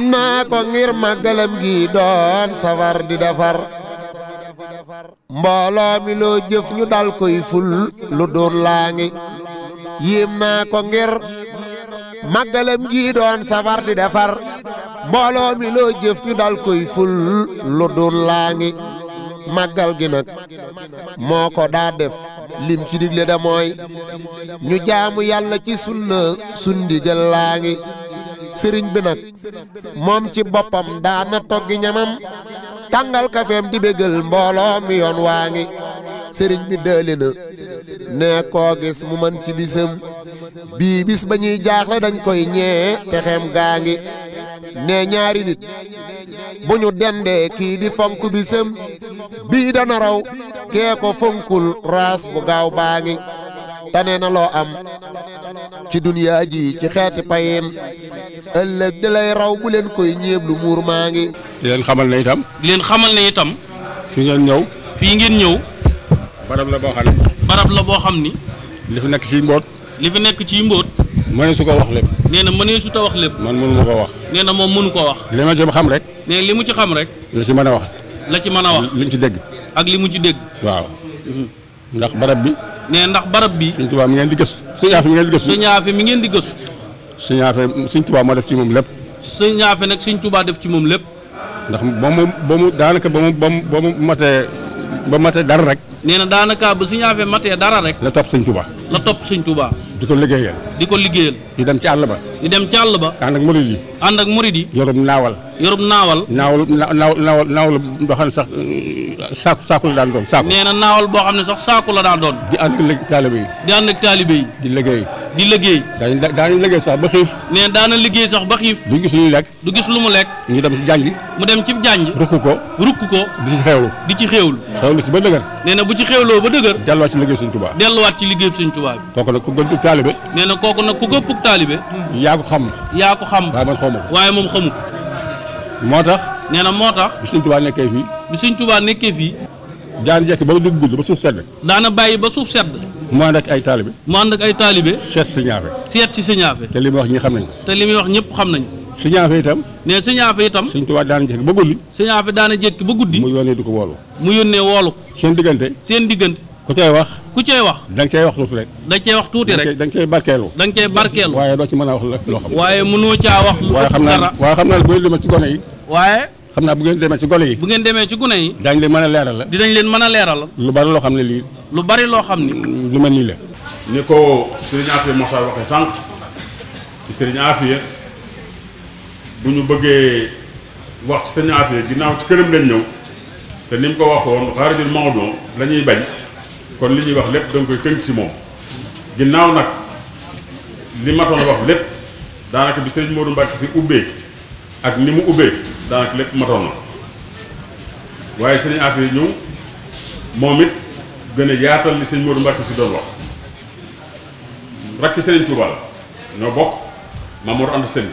ngir màggalam gi doon safar di mbooloo mi loo jëf ñu dal koy ful lu doon laa ngi yéem ko ngir gi doon safar di defar mbooloo dal koy lu doon laa ngi màggal nag moo ko daa def lim ci digle da ñu jaamu yàlla ci sunna sundi laa ngi sëriñ bi nag moom ci boppam daana toggi ñamam tàngal kafeem di bégal mbooloo mi yoon waa ngi sëriñ bi dëli na ne koo gis mu man ci bisam bii bis ba ñuy jaaxle dañ koy ñee te xem gaa ngi ne ñaari nit bu ñu dendee kii di fonk bisam bii dana raw kee ko fonkul raas bu gaaw baa ngi tane na loo am ci dunyaa ji ci xeeti payin ëllëg di lay raw bu leen koy ñeeblu muur maa ngi. di leen xamal ne itam. leen xamal na itam. fi ngeen ñëw. ngeen ñëw. barab la boo xam ne. la boo xam ni. li fi nekk ci mbóot. li fi nekk ci mbóot. mënee su ko wax lépp. nee na mënee su ta wax lépp. man mënu ma ko wax. nee na moom mënu koo wax. li ma ci xam rek. nee li mu ci xam rek. la ci mën a wax. la ci mën a wax li mu ci dégg. ak li mu ci dégg. waaw. Mhm. ndax barab bi. nee ndax barab bi. Sëñ Tuubaa mi ngeen di gës Sëñ Aafi mi ngeen mi ngeen di gës sëñ Afe sëñ Touba moo def ci moom lépp. sëñ Afe nag sëñ tubaa def ci moom lépp. ndax ba mu ba mu daanaka ba mu ba ba mu matee ba matee dara rek. nee na daanaka ba sëñ Afe matee dara rek. la topp sëñ Touba. la topp sëñ Touba. di ko liggéeyal. di ko liggéeyal. di dem ci àll ba. di dem ci àll ba. ànd ak murid yi. ànd ak murid yi. yorum naawal. yorum naawal. naawal naaw naawal naawal boo xam ne sax saaku saaku la daan doon saaku. nee na naawal boo xam ne sax saaku la daan doon. di ànd ak taalibe yi. di ànd ak taalibe yi. di liggéey. di liggéey. daañu daañu liggéey sax ba xiif. nee daana liggéey sax ba xiif. du gis lu mu lekk. mu lekk. ñu dem ci jànj. mu dem ci jànj. rukk ko rukk ko. di ci xewlu di ci xewlu. xewlu ci ba dëgër. nee na bu ci xewloo ba dëgër. delluwaat si liggéey suñ tubaab. delluwaat ci liggéey suñ tubaab. kooku nag ku gëpp taalibe. nee na kooku nag ku gëpp taalibe. yaa ko xam. yaa ko xam waaye man xaw ma waaye moom xamu moo tax. nee na moo tax. bi suñ tubaab nekkee fii. bi suñ tubaab nekkee fii. daana jekk ba digg guddi ba suuf sedd. daana bàyyi ba suuf sedd mu ànd ak ay taalibe mu ànd ak seet si seet si te li muy wax ñi xam nañ te li muy wax ñëpp xam nañ si ñaafe itam ne si ñaafe itam suñ tubaab daana jékki ba guddi si daana jékki ba guddi mu yónnee di ko woolu mu yónnee woolu seen diggante seen diggante ku cay wax ku cay wax da nga cay wax tuuti rek da nga cay wax tuuti rek da nga cay barkeelu da nga cay barkeelu waaye doo ci mën a wax loo xam waaye mënoo caa wax lu waaye xam naa waaye xam naa bu ngeen demee ci gone yi waaye xam naa bu ngeen demee ci gone yi bu ngeen demee ci a leeral la dinañ leen mën a leeral la lu bari lu mel nii la. ni ko sëriñ Afia Moussa waxee sànq ci sëriñ Afia bu ñu bëggee wax ci sëriñ Afia ginnaaw ci këram lañ ñëw te ni mu ko waxoon xaarijul Maodo la ñuy bañ kon li ñuy wax lépp da nga koy tënk ci moom ginnaaw nag li matoon wax lépp daanaka bi sëriñ Modou Mbacke si ubbee ak ni mu ubbee daanaka lépp matoon na waaye sëriñ Afia ñëw moom it. gëna yaatal li sëñ Modou Mbacke ci doon wax rakki sëriñ Touba la ñoo bokk Mamour Anta seigne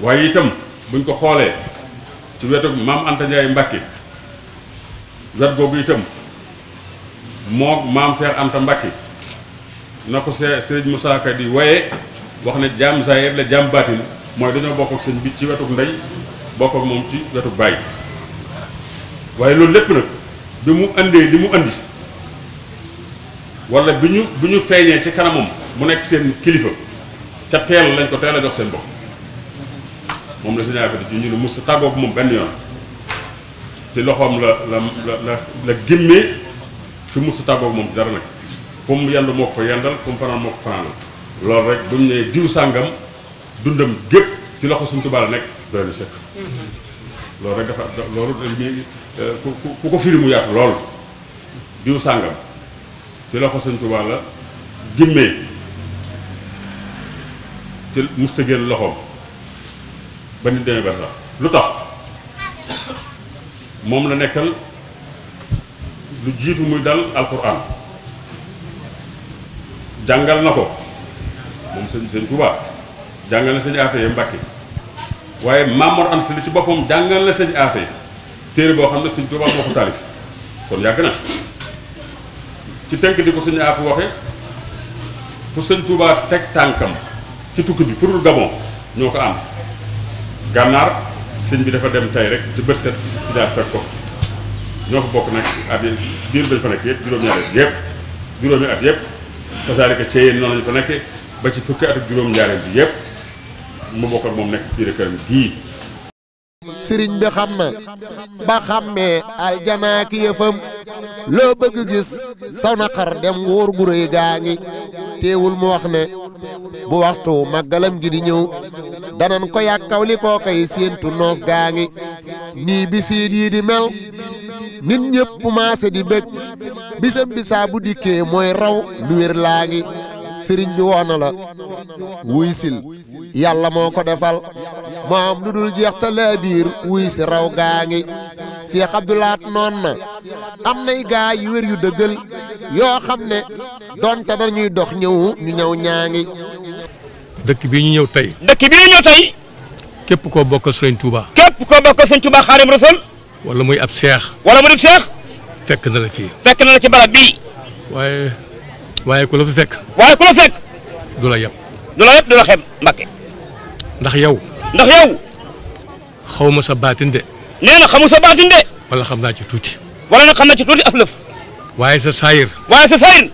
waye itam buñ ko xolé ci wétu mam Anta Ndiaye Mbacke zat gogu itam moo mam Cheikh Anta Mbacke nako ko Moussa Ka di waye wax na jam zahir la jam batin moy dañu bok ak sëñ bi ci wétu ndey bok ak mom ci wétu baye waye loolu lepp nak bi mu indee li mu indi wala biñu ñu bi ci kanamum mu nek sen kilifa ca téel lañ ko teel a jox seen bopp moom la signalé di ñu ne mos a tàggoog moom benn yoon ci loxoom la la la la gémmee ci mos a tàggoog moom dara nak fu mu yend moo fa yandal fu mu moko moo lool rek buñu né diw sangam dundam gep ci loxo suñu tubaab nek nekk doy na sëkk mm-hmm. loolu rek dafa loolu euh, ku ko firi mu yaatu lool diw sàngam ci loxo sëñ Tuubaa la gimmee ci musta génn loxoom ba nit demee bar sax lu tax moom la nekkal lu jiitu muy dal alquran jàngal na ko moom sëñ sëñ Tuubaa jàngal na sëñ Afiya Mbàkke waaye Mamor si Sali ci boppam jàngal na sëñ Afé téere boo xam ne sëñ Tuubaa moo ko taalif kon yàgg na ci tënk di ko sëñ Afé waxe fu sëñ Tuubaa teg tànkam ci tukki bi furul Gabon ñoo ko am gànnaar sëñ bi dafa dem tey rek ci bët set ci daal fekk ko ñoo fa bokk nag at yi diir bañ fa nekk yëpp juróom-ñaari at yëpp juróomi at yëpp kasaalika Ceyeen noonu lañ fa nekkee ba ci fukki at ak juróom-ñaareel bi yëpp mu bi xam na ba xàmmee aljanaa ki yëfam loo bëgg gis saw na xar dem wóor gu rëy gaa ngi teewul mu wax ne bu waxtu màggalam gi di ñëw danan ko yàkkaw li koo koy noos gaa ngi nii bisiit yii di mel nit ñëpp maase di bëgg bisam bisaa bu dikkee mooy raw lu wér laa ngi sëriñ bi woo na la wuy sil yàlla moo ko defal moo am lu dul jeex te laa biir wuy si raw gaa ngi Cheikh Abdoulaat noon na am nay gaa yu wér yu dëggal yoo xam ne donte dañuy dox ñëwu ñu ñëw ñaa ngi dëkk bii ñu ñëw tey dëkk bi ñu ñëw tey képp koo bokkal sëriñ Touba. képp koo bokkal sëriñ Touba Xaadim Rasul wala muy ab seex wala muy ab seex fekk na la fii fekk na la ci barab bii waaye ku la fekk. waaye ku la fekk. du la yem. du la yem du la ndax yow. ndax yow. xaw sa baatin de. nee na xamu sa baatin de. wala xam naa ci tuuti. wala na xam naa ci tuuti as lëf. waaye sa saayir. waaye sa saayir.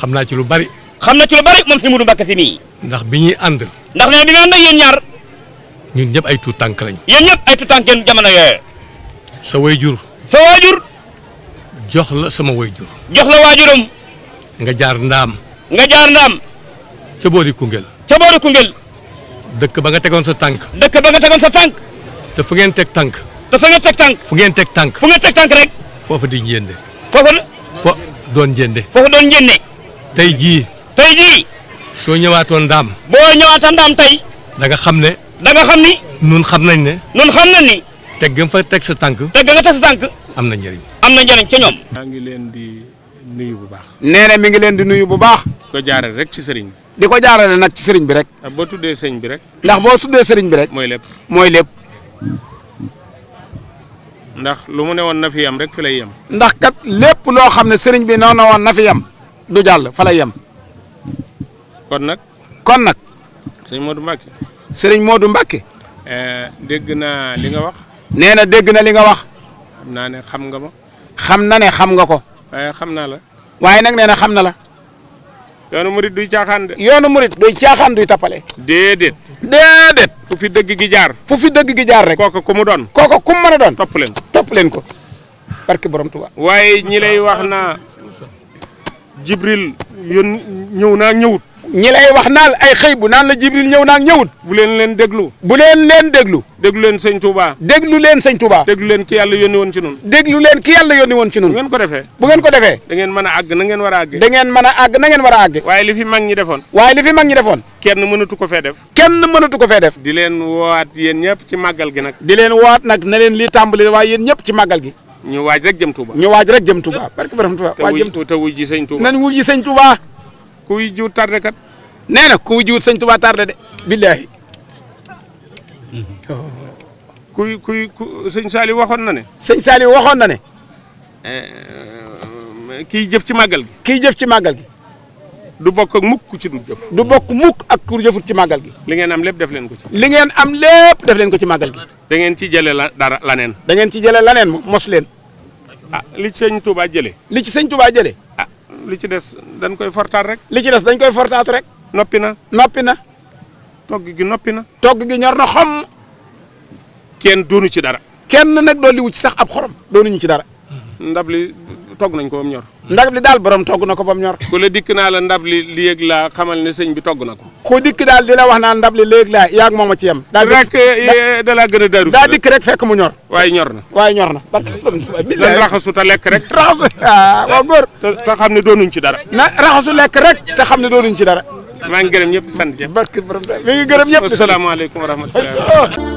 xam naa ci lu bari. xam na ci lu bari moom si Modou Mbacke si mii. ndax bi ñuy ànd. ndax nee na bi nga ànd ak ñaar. ñun ñëpp ay tuut tànk lañ. yéen ñëpp ay tuut tànk ngeen jamono yooyu. sa way jur. sa waajur. jox la sama way jox la waajuram. nga jaar ndaam. nga jaar ndaam. ca boori Koungheul. ca boori Koungheul. dëkk ba nga tegoon sa tànk. dëkk ba nga tegoon sa tànk. te fu ngeen teg tànk. te teg tànk. fu ngeen teg tànk. fu nga teg tànk rek. foofa di njéende. foofa fo doon njéende. foofa doon njéende. tey jii. tey jii. soo ñëwaatoon ndaam. boo ñëwaatoon ndaam tey. danga xam ne. da nga xam ni. nun xam nañ ne. nun xam nañ ni. teg nga fa teg sa tànk. teg nga teg sa tànk. am na njëriñ. am na njëriñ ca ñoom. nuyu bu baax. nee mi ngi leen di nuyu bu baax. di ko jaarale rek ci sëriñ bi. di ko jaarale nag ci sëriñ bi rek. ndax ah, boo tuddee sëriñ bi rek. ndax boo tuddee sëriñ bi rek. mooy lépp mooy lépp. ndax lu mu ne woon na fi yem rek fi lay yem. ndax kat lépp loo xam ne sëriñ bi noonu woon na fi yem du jàll fa lay yem. kon nag. kon nag. sëriñ Modou Mbacke. sëriñ Modou Mbacke. Eh, dégg naa li nga wax. nee na dégg na li nga wax. xam naa ne xam nga ma. xam na ne xam nga ko. waaye xam naa la. waaye nag nee na xam na la. yoonu murit duy caaxaan de. yoonu murit duy caaxaan duy tappale. déedéet. déedéet. fu fi dëgg gi jaar. fu fi dëgg gi jaar rek. kooka ku mu doon. kooka ku mu doon. topp leen topp leen ko. barke borom Tuubaa. waaye ñi lay wax na Jibril yoon ñëw naa ñëwut. ñi lay wax naal ay xëy bu naan la jibril ñëw naag ñëwut bu leen leen déglu bu leen leen déglu déglu leen sëñ Touba déglu leen sëñ Touba déglu leen ki yàlla yónni woon ci nun déglu leen ki yàlla yónni woon ci nun bu ngeen ko defee bu ngeen ko defee da ngeen mën a na ngeen war a àgg da ngeen mën a àgg na ngeen war a àgg waaye li fi mag ñi defoon waaye li fi kenn mënatu ko fee def kenn mënatu ko fee def di leen woowaat yéen ñëpp ci màggal gi nag di leen waat nag na leen lii tàmbali waaye yéen ñëpp ci màggal gi ñu rek jëm Touba ñu waaj rek jëm Touba barke borom Touba waaj jëm Touba te wuy ji sëñ Touba nañ wuy ji sëñ Touba kuy kat nee na ku jiwut sëñ Tuubaa tardé de billaahi mm-hmm. kuy kuy ku sëñ Saliou waxoon na ne. sëñ Saliou waxoon na ne. Eh, kii jëf ci màggal gi. kiy jëf ci màggal gi. du bokk ak mukk ku ci dul jëf. du bokk mukk ak ku jëfut ci màggal gi. li ngeen am lépp def leen ko ci. li ngeen am lépp def leen ko ci màggal gi. da ci jëlee la dara laneen. da ngeen ci jële laneen moom mos leen. ah li ci sëñ Touba jëlee. li ci sëñ Touba jëlee. li ah, ci des dañ koy fortaat li ci des dañ koy fortaat rek. noppi na. noppi na. togg gi noppi na. togg gi ñor na xom. kenn doonu ci dara. kenn nag doon li ci sax ab xorom doonuñu ci dara. ndab li nañ ko ñor. ndab li daal borom togg na ko ba mu ñor. ku dikk naa la ndab li léeg laa xamal ne sëñ bi togg na ko. ku dikk daal di wax naa ndab li léeg laa yaag moom a ci yem. daal rek eh, eh, da laa gën a daru. dikk rek fekk mu ñor. waaye ñor na waaye ñor na. lan raxasu te lekk rek. raxasu ah, waaw góor. te xam ne doonuñ ci dara. na raxasu lekk rek te xam ne doonuñ ci dara. maa ngi gërëm ñëpp sant ñëpp. barke borom daal mi ngi gërëm ñëpp asalaamaaleykum wa rahmatulah.